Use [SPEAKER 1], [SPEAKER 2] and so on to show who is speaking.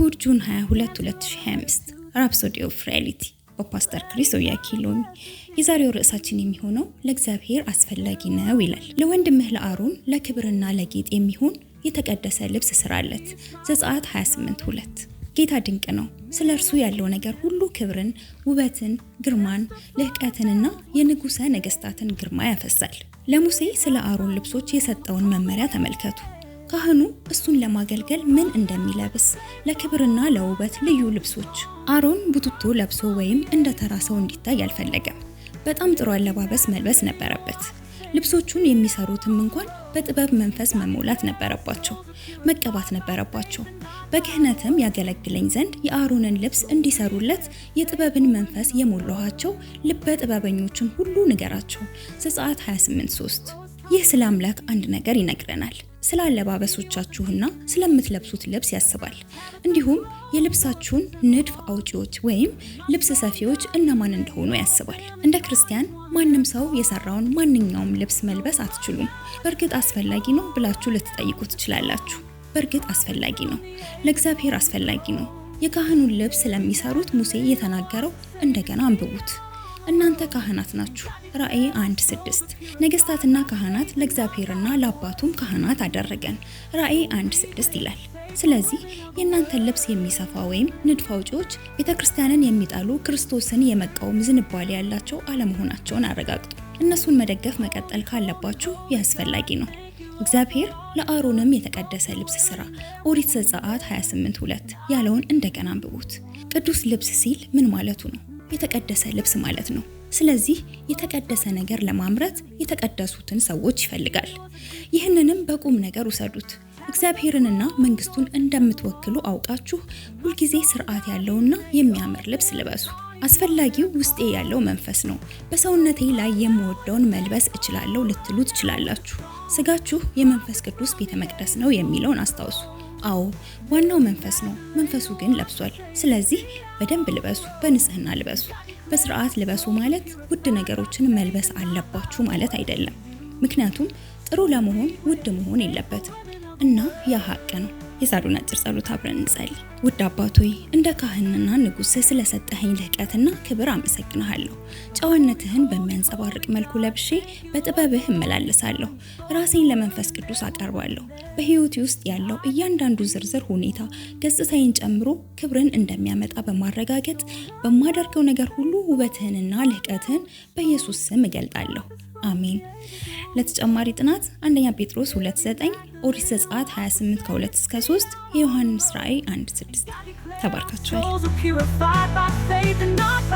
[SPEAKER 1] እሁድ ጁን 22 2025 ራፕሶዲ ኦፍ ሪያሊቲ በፓስተር ክሪስ ኦያኪሎሚ የዛሬው ርዕሳችን የሚሆነው ለእግዚአብሔር አስፈላጊ ነው ይላል። ለወንድምህ ለአሮን ለክብርና ለጌጥ የሚሆን የተቀደሰ ልብስ ስራለት። ዘጸአት 28 2 ጌታ ድንቅ ነው። ስለ እርሱ ያለው ነገር ሁሉ ክብርን፣ ውበትን፣ ግርማን፣ ልህቀትንና የንጉሠ ነገሥታትን ግርማ ያፈሳል። ለሙሴ ስለ አሮን ልብሶች የሰጠውን መመሪያ ተመልከቱ። ካህኑ እሱን ለማገልገል ምን እንደሚለብስ ለክብርና ለውበት ልዩ ልብሶች አሮን ቡትቶ ለብሶ ወይም እንደ ተራ ሰው እንዲታይ አልፈለገም። በጣም ጥሩ አለባበስ መልበስ ነበረበት። ልብሶቹን የሚሰሩትም እንኳን በጥበብ መንፈስ መሞላት ነበረባቸው፣ መቀባት ነበረባቸው። በክህነትም ያገለግለኝ ዘንድ የአሮንን ልብስ እንዲሰሩለት የጥበብን መንፈስ የሞላኋቸው ልበ ጥበበኞችን ሁሉ ንገራቸው። ዘጸአት 28፥3 ይህ ስለ አምላክ አንድ ነገር ይነግረናል። ስለ አለባበሶቻችሁና ስለምትለብሱት ልብስ ያስባል። እንዲሁም የልብሳችሁን ንድፍ አውጪዎች ወይም ልብስ ሰፊዎች እነማን እንደሆኑ ያስባል። እንደ ክርስቲያን ማንም ሰው የሰራውን ማንኛውም ልብስ መልበስ አትችሉም። በእርግጥ አስፈላጊ ነው ብላችሁ ልትጠይቁ ትችላላችሁ። በእርግጥ አስፈላጊ ነው፣ ለእግዚአብሔር አስፈላጊ ነው። የካህኑን ልብስ ስለሚሰሩት ሙሴ የተናገረው እንደገና አንብቡት። እናንተ ካህናት ናችሁ። ራእይ አንድ ስድስት ነገስታትና ካህናት ለእግዚአብሔርና ለአባቱም ካህናት አደረገን። ራእይ አንድ ስድስት ይላል። ስለዚህ የእናንተን ልብስ የሚሰፋ ወይም ንድፍ አውጪዎች ቤተ ክርስቲያንን የሚጣሉ ክርስቶስን የመቃወም ዝንባሌ ያላቸው አለመሆናቸውን አረጋግጡ። እነሱን መደገፍ መቀጠል ካለባችሁ ይህ አስፈላጊ ነው። እግዚአብሔር ለአሮንም የተቀደሰ ልብስ ስራ ኦሪት ዘጸአት 28 2 ያለውን እንደገና አንብቡት። ቅዱስ ልብስ ሲል ምን ማለቱ ነው? የተቀደሰ ልብስ ማለት ነው። ስለዚህ የተቀደሰ ነገር ለማምረት የተቀደሱትን ሰዎች ይፈልጋል። ይህንንም በቁም ነገር ውሰዱት። እግዚአብሔርንና መንግስቱን እንደምትወክሉ አውቃችሁ ሁልጊዜ ስርዓት ያለውና የሚያምር ልብስ ልበሱ። አስፈላጊው ውስጤ ያለው መንፈስ ነው። በሰውነቴ ላይ የምወደውን መልበስ እችላለሁ ልትሉ ትችላላችሁ። ስጋችሁ የመንፈስ ቅዱስ ቤተ መቅደስ ነው የሚለውን አስታውሱ። አዎ ዋናው መንፈስ ነው። መንፈሱ ግን ለብሷል። ስለዚህ በደንብ ልበሱ፣ በንጽህና ልበሱ፣ በስርዓት ልበሱ ማለት ውድ ነገሮችን መልበስ አለባችሁ ማለት አይደለም። ምክንያቱም ጥሩ ለመሆን ውድ መሆን የለበትም እና ያ ሀቅ ነው። የዛሬውን አጭር ጸሎት አብረን እንጸልይ። ውድ አባቶይ እንደ ካህንና ንጉሥ ስለሰጠኸኝ ልህቀትና ክብር አመሰግንሃለሁ። ጨዋነትህን በሚያንጸባርቅ መልኩ ለብሼ በጥበብህ እመላለሳለሁ። ራሴን ለመንፈስ ቅዱስ አቀርባለሁ። በሕይወቴ ውስጥ ያለው እያንዳንዱ ዝርዝር ሁኔታ ገጽታዬን ጨምሮ ክብርን እንደሚያመጣ በማረጋገጥ በማደርገው ነገር ሁሉ ውበትህንና ልህቀትህን በኢየሱስ ስም እገልጣለሁ። አሜን። ለተጨማሪ ጥናት አንደኛ ጴጥሮስ 2:9፣ ኦሪት ዘጸአት 28 ከ2 እስከ 3፣ የዮሐንስ ራእይ 1 ተባርካችኋል።